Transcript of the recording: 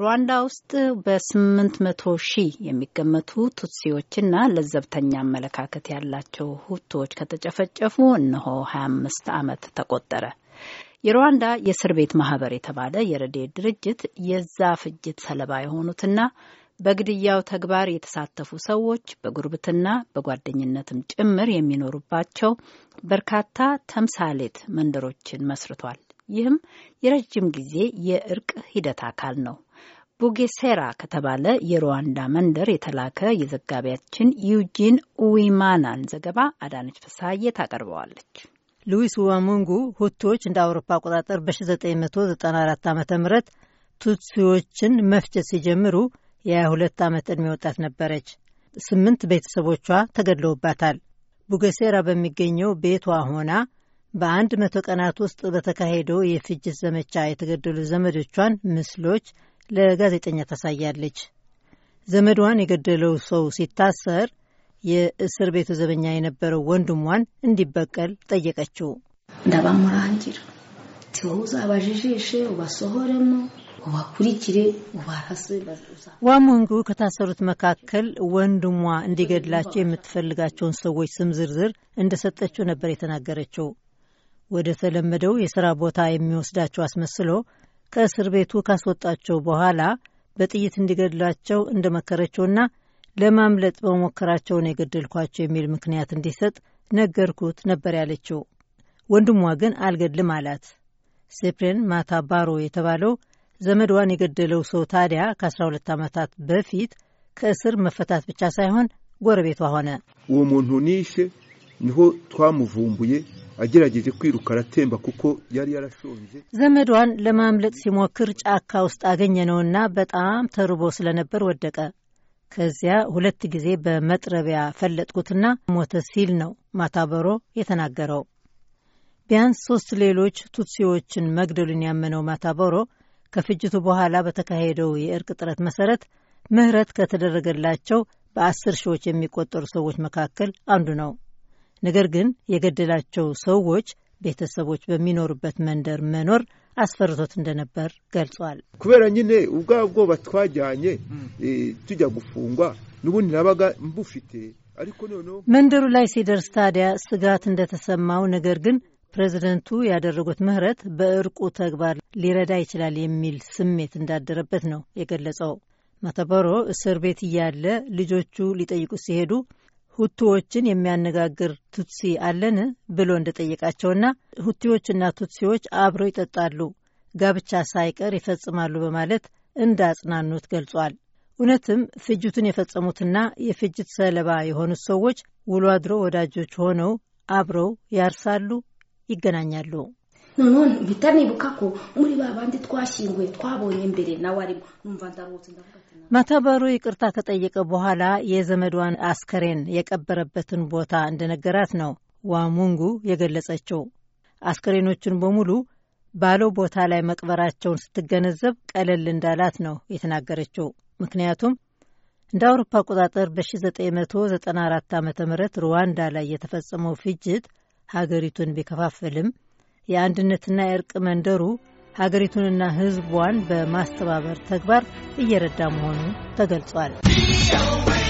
ሩዋንዳ ውስጥ በስምንት መቶ ሺህ የሚገመቱ ቱትሲዎችና ለዘብተኛ አመለካከት ያላቸው ሁቶች ከተጨፈጨፉ እነሆ 25 ዓመት ተቆጠረ። የሩዋንዳ የእስር ቤት ማህበር የተባለ የረድኤት ድርጅት የዛ ፍጅት ሰለባ የሆኑትና በግድያው ተግባር የተሳተፉ ሰዎች በጉርብትና በጓደኝነትም ጭምር የሚኖሩባቸው በርካታ ተምሳሌት መንደሮችን መስርቷል። ይህም የረጅም ጊዜ የእርቅ ሂደት አካል ነው። ቡጌሴራ ከተባለ የሩዋንዳ መንደር የተላከ የዘጋቢያችን ዩጂን ኡዊማናን ዘገባ አዳነች ፍሳሐዬ ታቀርበዋለች። ሉዊስ ዋሙንጉ ሁቶች እንደ አውሮፓ አቆጣጠር በ1994 ዓ ም ቱትሲዎችን መፍጨት ሲጀምሩ የ22 ዓመት ዕድሜ ወጣት ነበረች። ስምንት ቤተሰቦቿ ተገድለውባታል። ቡጌሴራ በሚገኘው ቤቷ ሆና በአንድ መቶ ቀናት ውስጥ በተካሄደው የፍጅት ዘመቻ የተገደሉ ዘመዶቿን ምስሎች ለጋዜጠኛ ታሳያለች። ዘመድዋን የገደለው ሰው ሲታሰር የእስር ቤቱ ዘበኛ የነበረው ወንድሟን እንዲበቀል ጠየቀችው። እንዳባሙራንጅር ቲወውዛ አባዥሼ ባሶሆረሞ ዋሙንጉ ከታሰሩት መካከል ወንድሟ እንዲገድላቸው የምትፈልጋቸውን ሰዎች ስም ዝርዝር እንደሰጠችው ነበር የተናገረችው። ወደ ተለመደው የሥራ ቦታ የሚወስዳቸው አስመስሎ ከእስር ቤቱ ካስወጣቸው በኋላ በጥይት እንዲገድላቸው እንደመከረችውና ለማምለጥ በመሞከራቸውን የገደልኳቸው የሚል ምክንያት እንዲሰጥ ነገርኩት ነበር ያለችው። ወንድሟ ግን አልገድልም አላት። ሴፕሬን ማታ ባሮ የተባለው ዘመድዋን የገደለው ሰው ታዲያ ከ12 ዓመታት በፊት ከእስር መፈታት ብቻ ሳይሆን ጎረቤቷ ሆነ። ኡሙንቱ ኒሸ ኒሆ agerageje kwiruka aratemba kuko yari yarashonje ዘመዷን ለማምለጥ ሲሞክር ጫካ ውስጥ አገኘ ነውና በጣም ተርቦ ስለነበር ወደቀ ከዚያ ሁለት ጊዜ በመጥረቢያ ፈለጥኩትና ሞተ ሲል ነው ማታበሮ የተናገረው ቢያንስ ሶስት ሌሎች ቱትሲዎችን መግደሉን ያመነው ማታበሮ ከፍጅቱ በኋላ በተካሄደው የእርቅ ጥረት መሰረት ምህረት ከተደረገላቸው በአስር ሺዎች የሚቆጠሩ ሰዎች መካከል አንዱ ነው ነገር ግን የገደላቸው ሰዎች ቤተሰቦች በሚኖሩበት መንደር መኖር አስፈርቶት እንደነበር ገልጿል። ኩበረ ኝነ ውጋ ጎባ ቱጃ hmm. ጉፉንጓ ንቡን ናባጋ ምቡፊቴ መንደሩ ላይ ሲደርስ ታዲያ ስጋት እንደተሰማው ነገር ግን ፕሬዚደንቱ ያደረጉት ምህረት በእርቁ ተግባር ሊረዳ ይችላል የሚል ስሜት እንዳደረበት ነው የገለጸው። ማተበሮ እስር ቤት እያለ ልጆቹ ሊጠይቁ ሲሄዱ ሁቲዎችን የሚያነጋግር ቱትሲ አለን ብሎ እንደጠየቃቸውና ሁቲዎችና ቱትሲዎች አብረው ይጠጣሉ፣ ጋብቻ ሳይቀር ይፈጽማሉ በማለት እንዳጽናኑት ገልጿል። እውነትም ፍጅቱን የፈጸሙትና የፍጅት ሰለባ የሆኑት ሰዎች ውሎ አድሮ ወዳጆች ሆነው አብረው ያርሳሉ፣ ይገናኛሉ። none mpita nibuka ko muri ba bandi twashyinguye twabonye mbere nawe arimo numva ndaruhutse ndavuga ati ይቅርታ ከጠየቀ በኋላ የዘመዷን አስከሬን የቀበረበትን ቦታ እንደነገራት ነው ዋሙንጉ የገለጸችው። አስከሬኖቹን በሙሉ ባለው ቦታ ላይ መቅበራቸውን ስትገነዘብ ቀለል እንዳላት ነው የተናገረችው። ምክንያቱም እንደ አውሮፓ አቆጣጠር በ1994 ዓ ም ሩዋንዳ ላይ የተፈጸመው ፍጅት ሀገሪቱን ቢከፋፍልም የአንድነትና የእርቅ መንደሩ ሀገሪቱንና ሕዝቧን በማስተባበር ተግባር እየረዳ መሆኑ ተገልጿል።